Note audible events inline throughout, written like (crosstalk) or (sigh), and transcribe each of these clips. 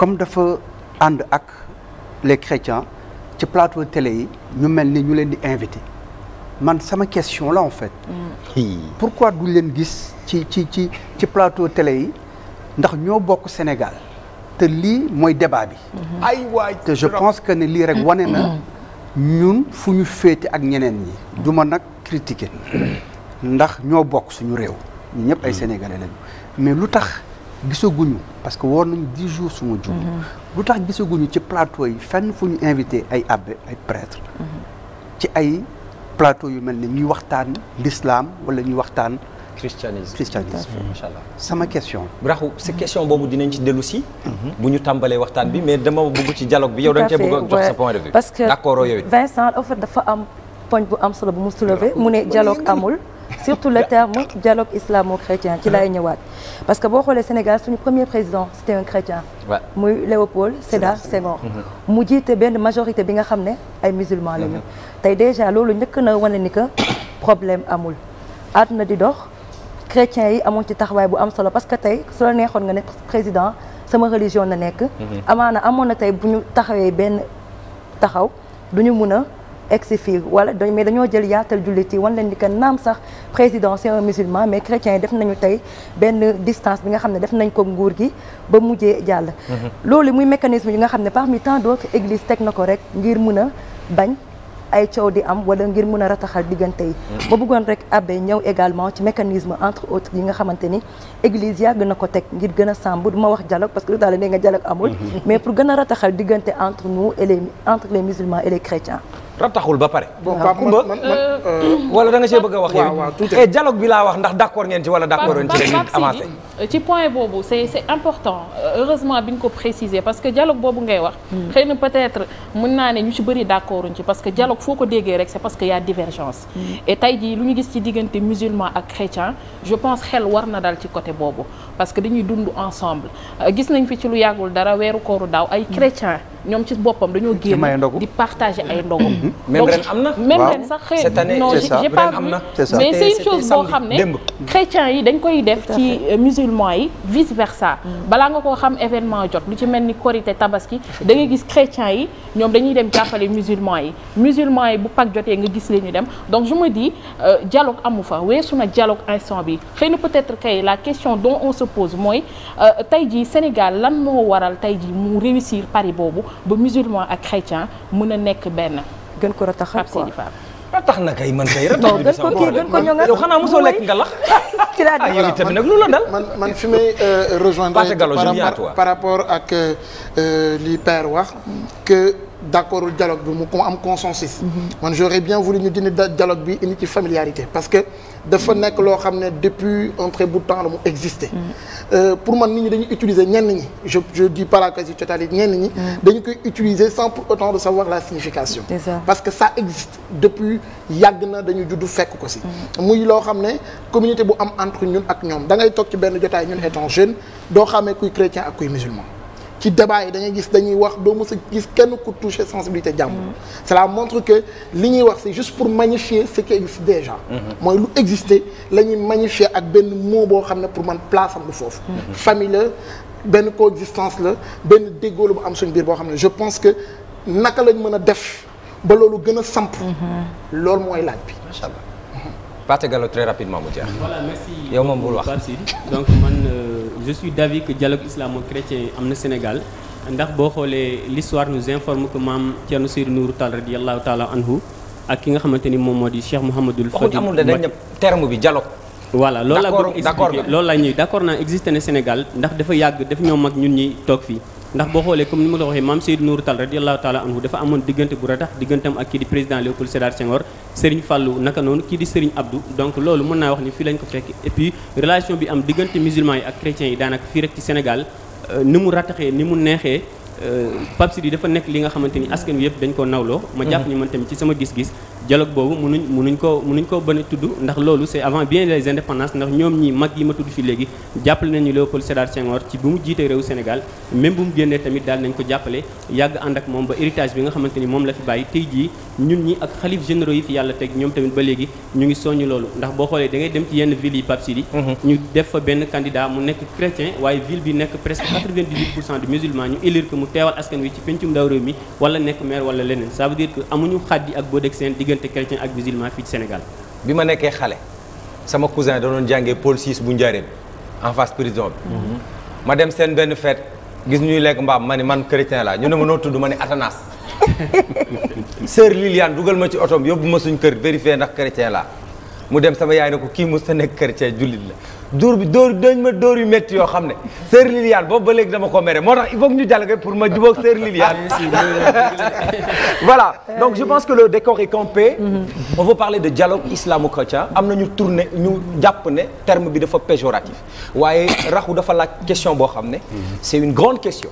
comme dafa ànd ak les chrétiens ci plateau télé yi ñu mel ni ñu leen di invité man sama question la en fait. Mm. pourquoi duñ leen gis ci ci ci ci plateau télé yi ndax ñoo bokk Sénégal te lii mooy débat bi. Mm-hmm. ay waay te je pense que ne lii rek wane na ñun fu ñu féete ak ñeneen yi du ma nag critiquer ndax ñoo bokk suñu réew. ñu ñëpp ay mm. sénégalais lañu mais lu tax. gisaguñu parce que woor nañu dix jours suma ma mhm. lu tax gisaguñu ci plateau yi fenn fu ñu invité ay abbé ay prêtre mhm. ci ay plateau yu mel ni ñuy waxtaan l'islam wala ñuy waxtaan christianisme christianisme macha allah sama question. Mmh. raxu sa mmh. question boobu dinañ ci dellu si. Mmh. bu ñu tàmbalee waxtaan bi mais dama bëgg ci dialogue bi yow da nga cee parce que d'accord yow it Vincent en fait dafa am poñ bu am solo bu mu soulever mu ne dialogue amul. surtout le terme dialogue islamo-chrétien ci laay ñëwaat parce que boo xoolee Sénégal suñu premier président c'était un chrétien muy Léopold Sédar Senghor mm-hmm. mu jiite benn majorité bi nga xam ne ay musulmans la ñu mm-hmm. tey déjà loolu njëkk na wane ni que (coughs) problème amul àdduna di dox chrétiens yi amoon ci taxawaay bu am solo parce que tey su la neexoon nga ne président sama religion na nekk mm-hmm. amaana amoon na tey bu ñu taxawee benn taxaw duñu mun a egsi fii wala dañ mais dañoo jël yaatal jullit yi wan leen ni que naam sax président c'est un musulman mais chrétiens yi def nañu tey benn distance bi nga xam ne def nañ ko nguur gi ba mujjee jàll mhm. loolu muy mécanisme yi nga xam ne mi tant d'autres églises teg na ko rek ngir mun a bañ ay coow di am wala ngir mën a rataxal diggante yi mhm. ba bëggoon rek abbé ñëw également ci mécanisme entre autres yi nga xamante ni église yàgg na ko teg ngir gën a sàmm du ma wax dialogue parce que daal ne nga dialogue amul mhm. mais pour gën a entre nous et les entre les musulmans rataxul ba pare. bon Kumba euh, euh, wala da nga see bëgg a wax yéen. Eh, dialogue bi laa wax ndax d' accord ngeen ci wala d' accord ngeen ci dañuy point boobu c' est important heureusement bi ñu ko préciser parce que dialogue boobu ngay wax. Hmm. xëy na peut être mën naa ne ñu ci bëri d' accord ci parce que dialogue foo ko déggee rek c' est parce que y' a divergence. Hmm. et tey jii lu ñu gis ci diggante musulman ak chrétien je pense xel war na dal ci côté boobu parce que dañuy dund ensemble euh, gis nañ fi ci lu yàggul dara weeru kooru daaw ay hmm. chrétien. ñoom ci boppam dañoo génn di partager ay ndogu mhm. même ren am na même ren sax xëy non j'ai pas vu mais c'est une chose xam ne chrétiens yi dañ koy def ci euh, musulmans yi vice versa mhm. balaa nga koo xam événement jot lu ci mel ni korité tabaski da nga gis chrétiens yi ñoom dañuy dem jàppale musulmans yi musulmans yi bu Pâques jotee nga gis leen ñu dem donc je di dis euh, dialogue amu fa weesu na dialogue instant bi xëy na peut-être kay la question dont on se pose mooy euh, tey jii Sénégal lan moo waral tey jii mu réussir pari boobu ba musulman ak chrétien mën a nekk benn. gën ko rataxal quoi tax na kay man kay rek. gën ko ko ñëw nga yow xanaa mosoo lekk nga lax. (laughs) ci laa di ah, yow itamit nag lu la dal. man man fi may euh, rejoindre par rapport ak euh, euh, li père wax que. d'accordul dialogue bi mu ko am consensus. Mhm. man j'aurais bien voulu ñu dindi dialogue bi indi ci familiarité parce que dafa nekk loo xam ne depuis un bu bout de temps la mu exister. Mhm. Euh, pour man nit ñi dañuy utiliser ñenn ñi je je dis pas la quasi totalité ñenn ñi. Mhm. dañu koy utiliser sans pour autant de savoir la signification. parce que ça existe depuis yàgg na dañu juddu fekk ko si. muy loo xam ne communauté bu am entre ñun ak ñoom da ngay toog ci benn jotaay ñun étant jeune doo xamee kuy chrétien ak kuy musulman. ci débat yi dañuy gis dañuy wax doo mës a gis kenn ku toucher sensibilité jàmbur. Mm-hmm. cela montre que li ñuy wax c'est juste pour magnifier ce qui existe déjà. Mm-hmm. mooy lu exister la ñuy magnifier ak benn mot boo xam ne pour man place am du foofu. Mm-hmm. famille la benn coexistence la benn déggoo la bu am suñ biir boo xam ne je pense que naka lañ mën a def ba loolu gën a samp. loolu mooy laaj bi. macha allah. Pathé Gallo très yow moom bul wax je suis d'avis que dialogue islamo-chrétien am na Sénégal ndax boo xoolee l'histoire nous informe que maam Thierno Seydou Nourou Tall radiyallahu taala anhu ak ki nga xamante ni moom moo di Cheikh Mouhamadul Fadil amul da dañ terme bi dialogue voilà loolu laa bëgg expliquer loolu la ñuy d'accord naa na Sénégal ndax dafa yàgg daf ñoo mag ñun ñi toog fii ndax boo xoolee comme ni ma la waxee maam Seydou Nourou Tall radiyallahu taala anhu dafa amoon diggante bu ratax digganteem ak kii di président Léopold Sédar Senghor Serigne Fallou naka noonu kii di Serigne Abdou donc loolu mën naa wax ni fii lañ ko fekk et puis relation bi am diggante musulman yi ak chrétiens yi daanaka fii rek ci Sénégal euh, ni mu rataxee ni mu neexee euh, Pape Sidi dafa nekk li nga xamante ni askan wi yëpp dañ ko nawloo ma jàpp ni man tamit ci sama gis-gis dialogue boobu munuñ munuñ koo munuñ koo bën a tudd ndax loolu c'est avant bien les indépendances ndax ñoom ñi mag yi ma tudd fi léegi jàppale nañu Léopold Sédar Senghor ci bu mu jiite réew Sénégal même bu mu génnee tamit daal nañ ko jàppale yàgg ànd ak moom ba héritage bi nga xamante moom la fi bàyyi tey jii ñun ñi ak xalif généraux yi fi yàlla teg ñoom tamit ba léegi ñu ngi soññ loolu ndax boo xoolee da dem ci yenn ville yi Pape mhm. ñu def fa benn diggante chrétien ak musulman fii ci Sénégal. bi ma nekkee xale sama cousin da doon jàngee pôle 6 bu Njaaréem en face prison bi. Mhm. ma dem seen benn fête gis ñuy lekk mbaam ma ne man chrétien laa ñu ne ma noo tudd ma ne Atanas. (laughs) sœur lilian dugal ma ci otoom yóbbu ma suñ kër vérifier ndax chrétien laa mu dem sama yaay ne ko kii mos ta nekk chrétien jullit la. dóor bi dóor dañ ma dóor yu métti yoo xam ne sœur Liliane boobu ba léegi dama ko mere moo tax il faut que ñu dialogue pour ma jubóog sœur Liliane ah, (laughs) voilà donc je pense que le décor est campé on veut parler de dialogue islamo-chrétien am na ñu tourné ñu jàpp ne terme bi dafa péjoratif waaye raxu dafa laaj question boo xam ne c'est une grande question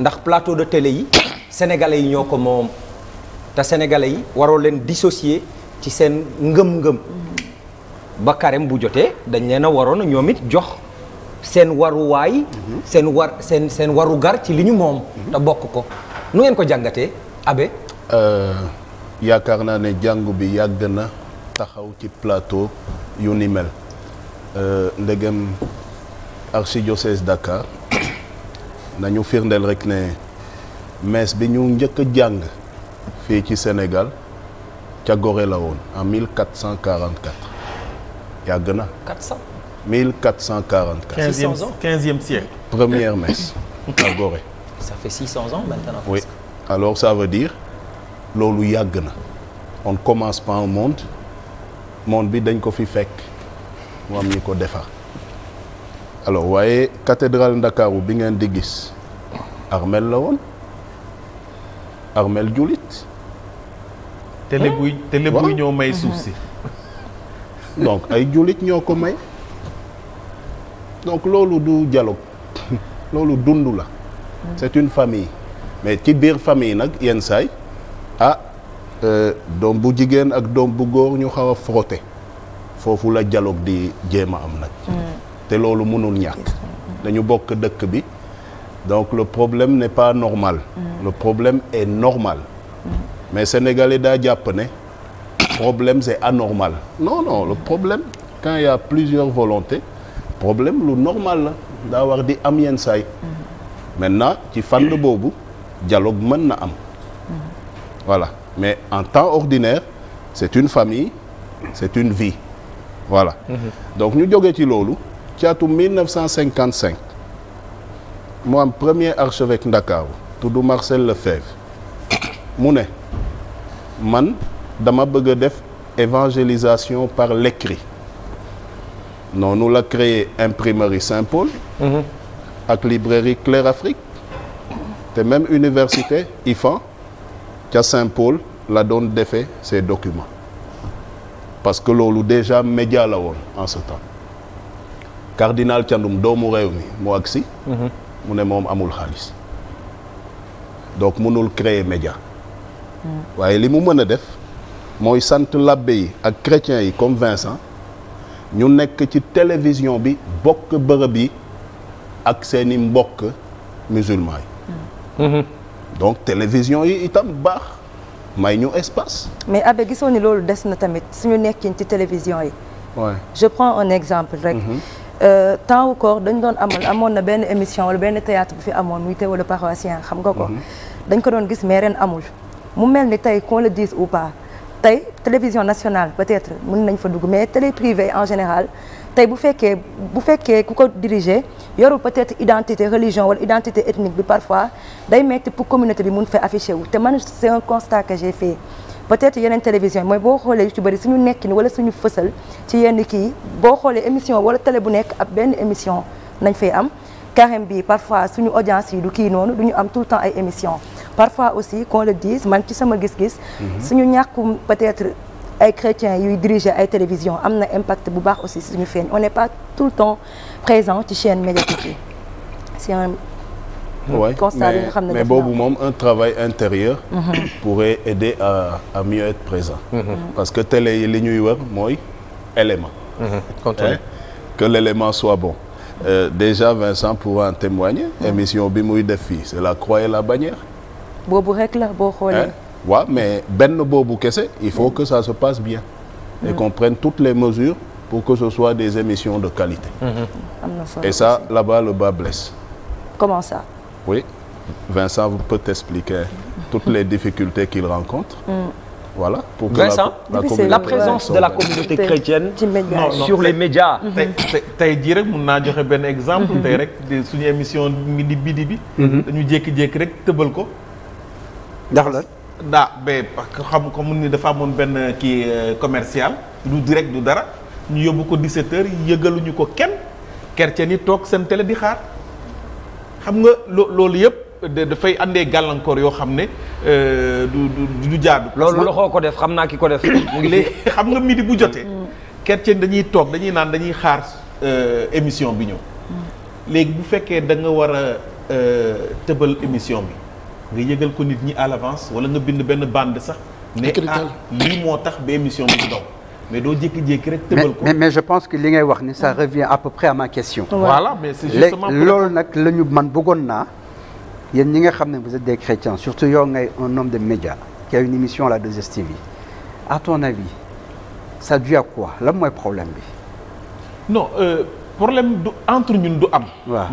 ndax plateau de télé yi sénégalais yi ñoo ko moom te sénégalais yi waroo leen dissocier ci seen ngëm-ngëm ba carême bu jotee dañ leen a waroon a ñoom it jox seen waruwaay. Mhm. seen war seen waru gar ci li ñu moom. Mhm. te bokk ko nu ngeen ko jàngatee Abbé. Euh, yaakaar naa ne jàngu bi yàgg na taxaw ci plateau yu ni mel euh, ndegem archidiocèse Dakar (coughs) nañu firndeel rekk ne messe bi ñu njëkk a jàng fii ci senegal ca Gorée la woon en 1444. yàgg na. 400 1444. 15e 15e siècle. première messe à Gorée. ça fait 600 ans maintenant. oui sa ça veut dire loolu yàgg na on commence par un monde monde bi dañ ko fi fekk mu am ñi ko defar alors waaye cathédrale Ndakaaru bi ngeen di gis armel la woon armel jullit. te lébuy te lébuy ñoo may suuf mhm. donc ay jullit ñoo ko may donc loolu du dialogue (laughs) loolu dund la c'est une famille mais ci biir famille nag yenn saay ah euh, doom bu jigéen ak doom bu góor ñu xaw a frotté foofu la dialogue di jéem a am nag mm. te loolu mënul ñàkk dañu bokk dëkk bi donc le problème n'est pas normal mm. le problème est normal mm. mais sénégalais daa jàpp ne problème c'est anormal non non le problème quand il a plusieurs volontés problème lu normal la daa war di am yenn saay maintenant ci fànn mm-hmm. boobu dialogue mën na am mm-hmm. voilà mais en temps ordinaire c'est une famille c'est une vie voilà mm-hmm. donc ñu joge ci loolu ci atum 1955 mu am premier archevêque Ndakaaru tudd Marcel Lefebvre mu ne man dama bëgg a def évangélisation par l'écrit noonu la créé imprimerie Saint-Paul mhm. ak librairie Claire Afrique te même université IFAN ca Saint-Paul la doon defee ces documents parce que loolu déjà média la woon en ce temps cardinal Thiandoum doomu réew mi mu agsi mhm. ne moom amul xaalis donc mënul créer média mm. waaye li mu mën a def mooy sant labbe yi ak chrétiens yi comme Vincent ñu nekk ci télévision bi bokk bërëb yi ak seeni mbokk musulmans yi mm-hmm. donc télévision yi itam baax may ñu espace mais abbé gisoo ni loolu des na tamit ñu nekkin ci télévision yi ouais. je prends un exemple rek mm-hmm. euh, temps wu koor dañ doon amal amoon na benn émission wala benn théâtre bu fi amoon muy teewal paroissien xam nga ko mm-hmm. dañ ko doon gis mais ren amul mu mel ni tey qu'on le dise ou pas tey télévision nationale peut-être mun nañ fa dugg mais télé privée en général tey bu fekkee bu fekkee ku ko diriger yorul peut-être identité religion wala identité ethnique bi parfois day metti pour communauté bi mun fa affiché wu te man c'est un constat que j'ai fait peut-être yeneen télévision mooy boo xoolee yu ci bëri nekk ni wala suñu fësal ci yenn kii boo xoolee émission wala télé bu nekk ab benn émission nañ fay am carême bi parfois suñu audience yi du kii noonu du ñu am tout le ay émission parfois aussi qu'on le dise man ci sama gis-gis mhm. suñu ñàkkum peut-être ay chrétiens yuy diriger ay télévision am na impact bu baax aussi suñu feeñ on n'est pas tout le temps présent ci chaîne médiatique yi c'est un ouais, constat nga xam boobu moom un travail intérieur mhm. pourrait aider à à mieux être présent mhm. parce que télé yi li ñuy wër mooy élément que l'élément soit bon Euh, déjà Vincent pourra en témoigner. émission bi muy def fii c'est la croix et la bannière. boobu rek boo xoolee. waaw mais benn boobu kese il faut que ça se passe bien. et mm-hmm. qu'on prenne toutes les mesures pour que ce soit des émissions de qualité. Mm-hmm. am na solo et ça là-bas le bas blesse. comment ça. oui Vincent peut t'expliquer toutes les difficultés qu'il rencontre. Mm. voilà pour que la, présence de la communauté chrétienne. sur les médias. Mm-hmm. tey tey jii rek mun naa joxe benn exemple. tey rek suñu émission midi bidi bi. dañu jékki-jékki rek tëbal ko. ndax la daa ba xam comme ni dafa amoon benn kii euh, commercial du direct du dara ñu yóbbu ko 17h yëgaluñu ko kenn kercen ni toog seen télé di xaar xam nga loo loolu yëpp dafay àndee gàllankoor yoo xam ne euh, du du jaadu. loolu loxoo ko def xam naa ki ko def. (coughs) léegi xam nga midi bu jotee. kercen mm. dañuy toog dañuy naan dañuy xaar euh, émission bi ñëw. Mm. léegi bu fekkee da nga war a tëbal émission bi. nga yëgal ko nit ñi à l'avance wala nga bind benn bande sax. ne ah, lii moo tax ba émission bi daw. mais doo jékki-jékki rek tëbal ko. mais je pense que li ngay wax ni ça revient à peu près à ma question. voilà nag la ñu man bëggoon naa. yéen ñi nga xam ne vous êtes des chrétiens surtout yow ngay un homme de média qui a une émission à la 2STV à ton avis sa dû à quoi lan mooy problème bi. non. Euh, pour problème du entre ñun du am.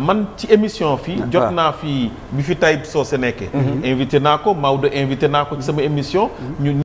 man ci émission fii. Ah, jot naa fi bi fi Taïb Socé nekkee. Mhm. invité naa ko Maodo invité naa ko ci mhm. sama émission. Mhm.